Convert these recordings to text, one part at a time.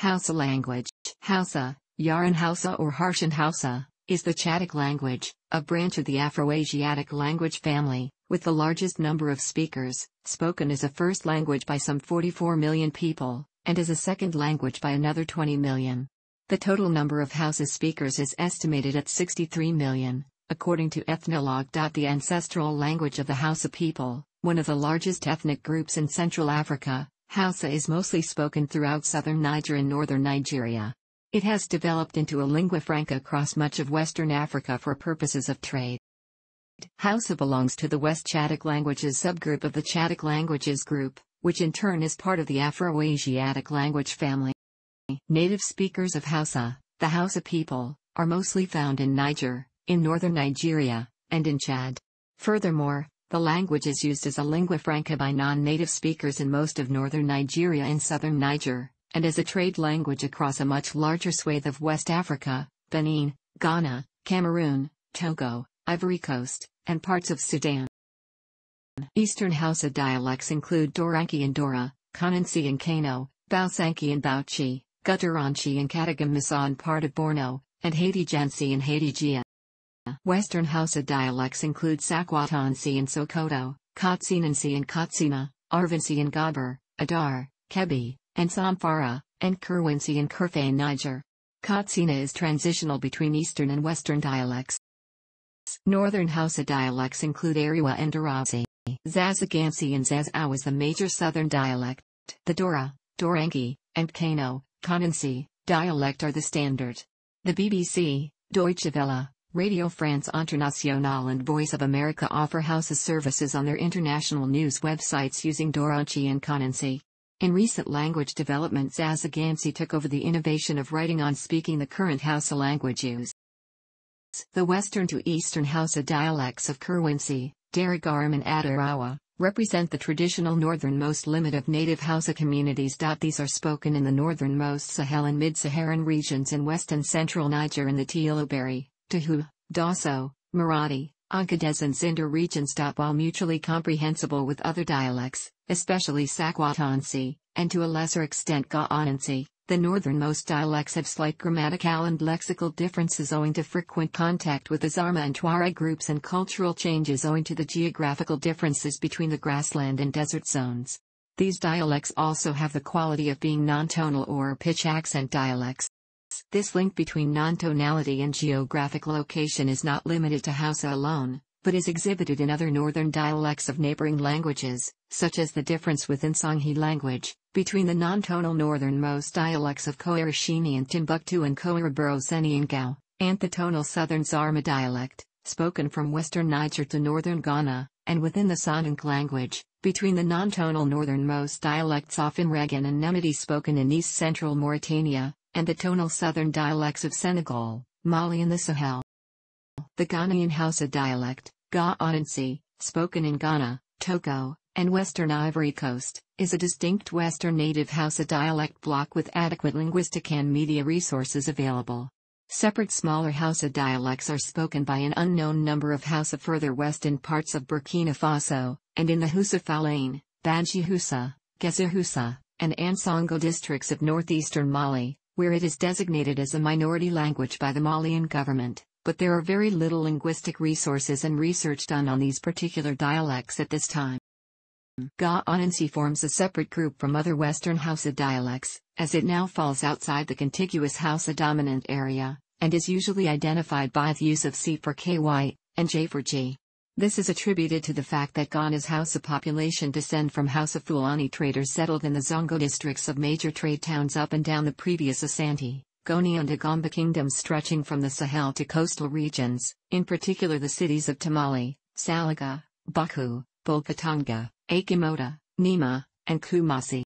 Hausa language, Hausa, Yaran Hausa or Harshan Hausa, is the Chadic language, a branch of the Afroasiatic language family, with the largest number of speakers, spoken as a first language by some 44 million people, and as a second language by another 20 million. The total number of Hausa speakers is estimated at 63 million, according to Ethnologue. The ancestral language of the Hausa people, one of the largest ethnic groups in Central Africa, Hausa is mostly spoken throughout southern Niger and northern Nigeria. It has developed into a lingua franca across much of western Africa for purposes of trade. Hausa belongs to the West Chadic languages subgroup of the Chadic languages group, which in turn is part of the Afroasiatic language family. Native speakers of Hausa, the Hausa people, are mostly found in Niger, in northern Nigeria, and in Chad. Furthermore, the language is used as a lingua franca by non-native speakers in most of northern Nigeria and southern Niger, and as a trade language across a much larger swathe of West Africa, Benin, Ghana, Cameroon, Togo, Ivory Coast, and parts of Sudan. Eastern Hausa dialects include Doranki and Dora, Kanansi and Kano, Bausanki and Bauchi, Guturanchi and Katagam Misa and part of Borno, and Haiti Jansi and Haiti Gia. Western Hausa dialects include Sakwatansi and Sokoto, Katsinansi and Katsina, Arvansi and Gabur, Adar, Kebi, and Samfara, and Kirwansi and in Niger. Katsina is transitional between Eastern and Western dialects. Northern Hausa dialects include Ariwa and Arazi. Zazagansi and Zazau is the major southern dialect. The Dora, Dorangi, and Kano, Kanansi, dialect are the standard. The BBC, Deutsche Welle, Radio France Internationale and Voice of America offer houses services on their international news websites using Doranchi and Conancy. In recent language developments Asa took over the innovation of writing on speaking the current Hausa language use. The western to eastern Hausa dialects of Kurwansi, Darigaram and Adarawa, represent the traditional northernmost limit of native Hausa communities. These are spoken in the northernmost Sahel and mid-Saharan regions in west and central Niger and the Teiloberi, Tehu, Daso, Marathi, Ankades and Sindar region stop while mutually comprehensible with other dialects, especially Sakwatansi, and to a lesser extent Gaonansi. The northernmost dialects have slight grammatical and lexical differences owing to frequent contact with the Zarma and Tuareg groups and cultural changes owing to the geographical differences between the grassland and desert zones. These dialects also have the quality of being non-tonal or pitch accent dialects. This link between non-tonality and geographic location is not limited to Hausa alone, but is exhibited in other northern dialects of neighboring languages, such as the difference within Songhi language, between the non-tonal northernmost dialects of Koirishini and Timbuktu and Koiraboro Gao, and the tonal southern Zarma dialect, spoken from western Niger to northern Ghana, and within the Sondank language, between the non-tonal northernmost dialects of Regan and Nemedi spoken in east-central Mauritania, and the tonal southern dialects of Senegal, Mali and the Sahel. The Ghanaian Hausa dialect, Ga spoken in Ghana, Togo, and Western Ivory Coast, is a distinct Western native Hausa dialect block with adequate linguistic and media resources available. Separate smaller Hausa dialects are spoken by an unknown number of Hausa further west in parts of Burkina Faso, and in the Hausa Falane, Banji Hausa, Geza Hausa, and Ansongo districts of northeastern Mali, where it is designated as a minority language by the Malian government, but there are very little linguistic resources and research done on these particular dialects at this time. Ga'anansi forms a separate group from other Western Hausa dialects, as it now falls outside the contiguous Hausa dominant area, and is usually identified by the use of C for KY, and J for G. This is attributed to the fact that Ghana's Hausa population descend from Hausa Fulani traders settled in the Zongo districts of major trade towns up and down the previous Asante, Goni and Agamba kingdoms stretching from the Sahel to coastal regions, in particular the cities of Tamale, Salaga, Baku, Bulkatanga, Akimoda, Nima, and Kumasi.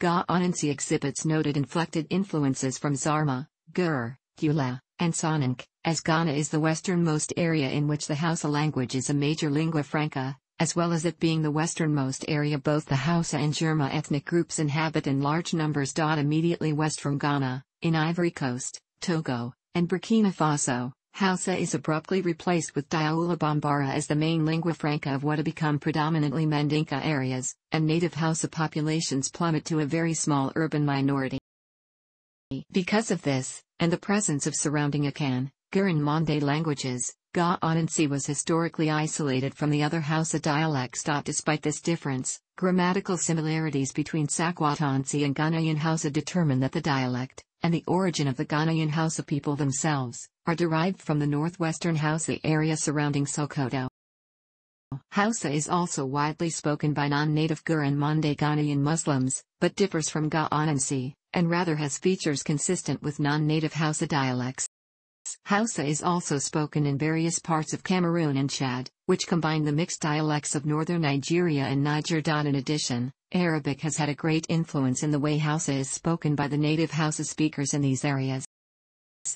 Ga exhibits noted inflected influences from Zarma, Gur, Gula, and Sonink as Ghana is the westernmost area in which the Hausa language is a major lingua franca, as well as it being the westernmost area both the Hausa and Jerma ethnic groups inhabit in large numbers. Immediately west from Ghana, in Ivory Coast, Togo, and Burkina Faso, Hausa is abruptly replaced with Diaoula Bambara as the main lingua franca of what have become predominantly Mandinka areas, and native Hausa populations plummet to a very small urban minority. Because of this, and the presence of surrounding Akan, Gurunmande languages, Ga-Anansi was historically isolated from the other Hausa dialects. Despite this difference, grammatical similarities between Sakwatansi and Ghanaian Hausa determine that the dialect, and the origin of the Ghanaian Hausa people themselves, are derived from the northwestern Hausa area surrounding Sokoto. Hausa is also widely spoken by non-native Gurunmande mande Ghanaian Muslims, but differs from Ga-Anansi, and rather has features consistent with non-native Hausa dialects. Hausa is also spoken in various parts of Cameroon and Chad, which combine the mixed dialects of northern Nigeria and Niger. In addition, Arabic has had a great influence in the way Hausa is spoken by the native Hausa speakers in these areas.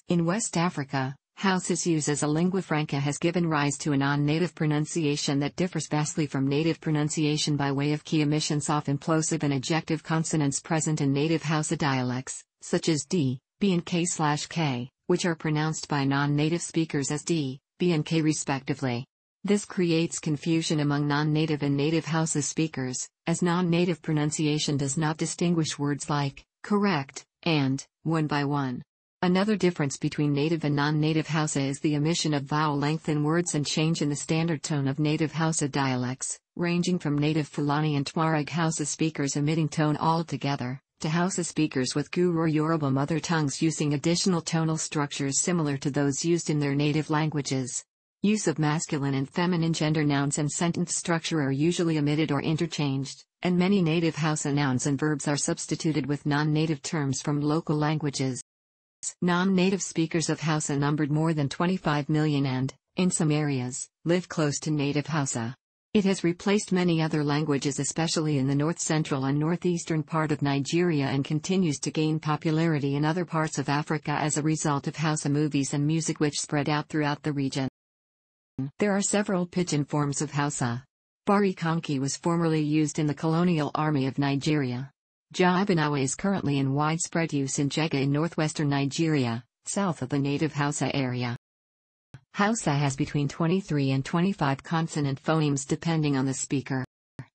In West Africa, Hausa's use as a lingua franca has given rise to a non-native pronunciation that differs vastly from native pronunciation by way of key omissions of implosive and ejective consonants present in native Hausa dialects, such as d, b and k slash k which are pronounced by non-native speakers as D, B and K respectively. This creates confusion among non-native and native houses speakers, as non-native pronunciation does not distinguish words like correct and one by one. Another difference between native and non-native Hausa is the omission of vowel length in words and change in the standard tone of native Hausa dialects, ranging from native Fulani and Tuareg Hausa speakers omitting tone altogether to house speakers with Guru Yoruba mother tongues using additional tonal structures similar to those used in their native languages. Use of masculine and feminine gender nouns and sentence structure are usually omitted or interchanged, and many native Hausa nouns and verbs are substituted with non-native terms from local languages. Non-native speakers of Hausa numbered more than 25 million and, in some areas, live close to native Hausa. It has replaced many other languages especially in the north-central and northeastern part of Nigeria and continues to gain popularity in other parts of Africa as a result of Hausa movies and music which spread out throughout the region. There are several pidgin forms of Hausa. Bari Konki was formerly used in the colonial army of Nigeria. Jaibanawa is currently in widespread use in Jega in northwestern Nigeria, south of the native Hausa area. Hausa has between 23 and 25 consonant phonemes depending on the speaker.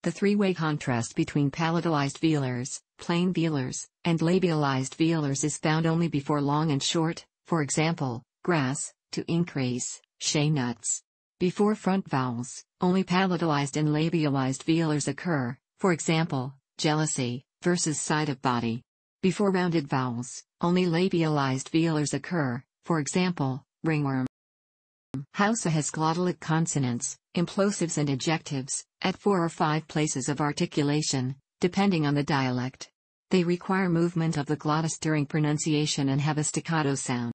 The three-way contrast between palatalized velars, plain velars, and labialized velars is found only before long and short, for example, grass, to increase, shea nuts. Before front vowels, only palatalized and labialized velars occur, for example, jealousy, versus side of body. Before rounded vowels, only labialized velars occur, for example, ringworm. Hausa has glottalic consonants, implosives and ejectives, at four or five places of articulation, depending on the dialect. They require movement of the glottis during pronunciation and have a staccato sound.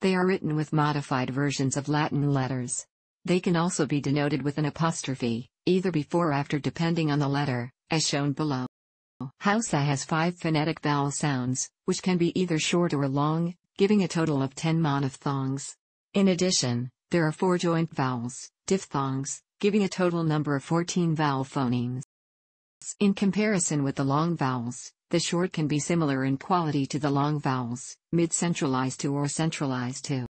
They are written with modified versions of Latin letters. They can also be denoted with an apostrophe, either before or after depending on the letter, as shown below. Hausa has five phonetic vowel sounds, which can be either short or long, giving a total of ten monophthongs. In addition, there are four joint vowels, diphthongs, giving a total number of 14 vowel phonemes. In comparison with the long vowels, the short can be similar in quality to the long vowels, mid-centralized to or centralized to.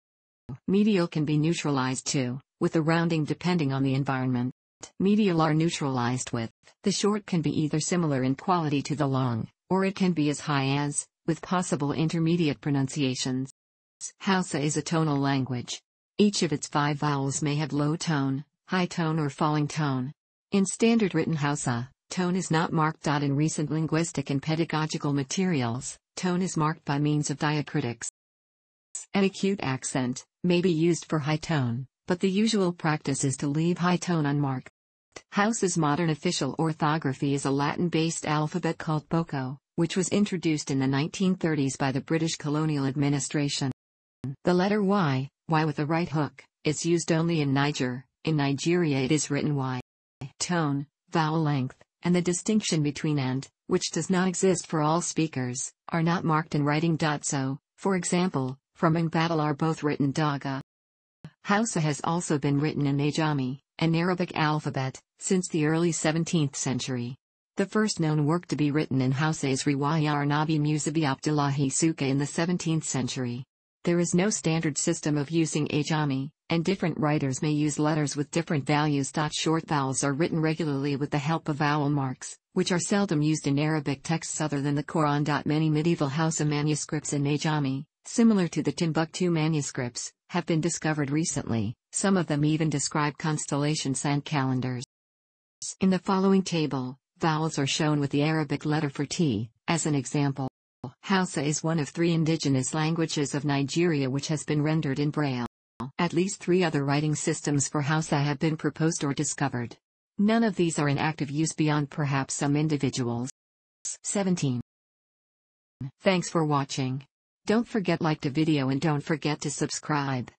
Medial can be neutralized to, with the rounding depending on the environment. Medial are neutralized with. The short can be either similar in quality to the long, or it can be as high as, with possible intermediate pronunciations. Hausa is a tonal language. Each of its five vowels may have low tone, high tone or falling tone. In standard written Hausa, tone is not marked. In recent linguistic and pedagogical materials, tone is marked by means of diacritics. An acute accent may be used for high tone, but the usual practice is to leave high tone unmarked. Hausa's modern official orthography is a Latin-based alphabet called Boko, which was introduced in the 1930s by the British colonial administration the letter Y, Y with a right hook, is used only in Niger. In Nigeria it is written Y. Tone, vowel length, and the distinction between and, which does not exist for all speakers, are not marked in writing. So, for example, from and battle are both written Daga. Hausa has also been written in Ajami, an Arabic alphabet, since the early 17th century. The first known work to be written in Hausa is Riwaya Arnabi Musabi Abdullahi Suka in the 17th century. There is no standard system of using ajami, and different writers may use letters with different values. Short vowels are written regularly with the help of vowel marks, which are seldom used in Arabic texts other than the Quran. Many medieval Hausa manuscripts in ajami, similar to the Timbuktu manuscripts, have been discovered recently, some of them even describe constellations and calendars. In the following table, vowels are shown with the Arabic letter for T, as an example. Hausa is one of three indigenous languages of Nigeria which has been rendered in Braille. At least three other writing systems for Hausa have been proposed or discovered. None of these are in active use beyond perhaps some individuals. 17. Thanks for watching. Don't forget like the video and don't forget to subscribe.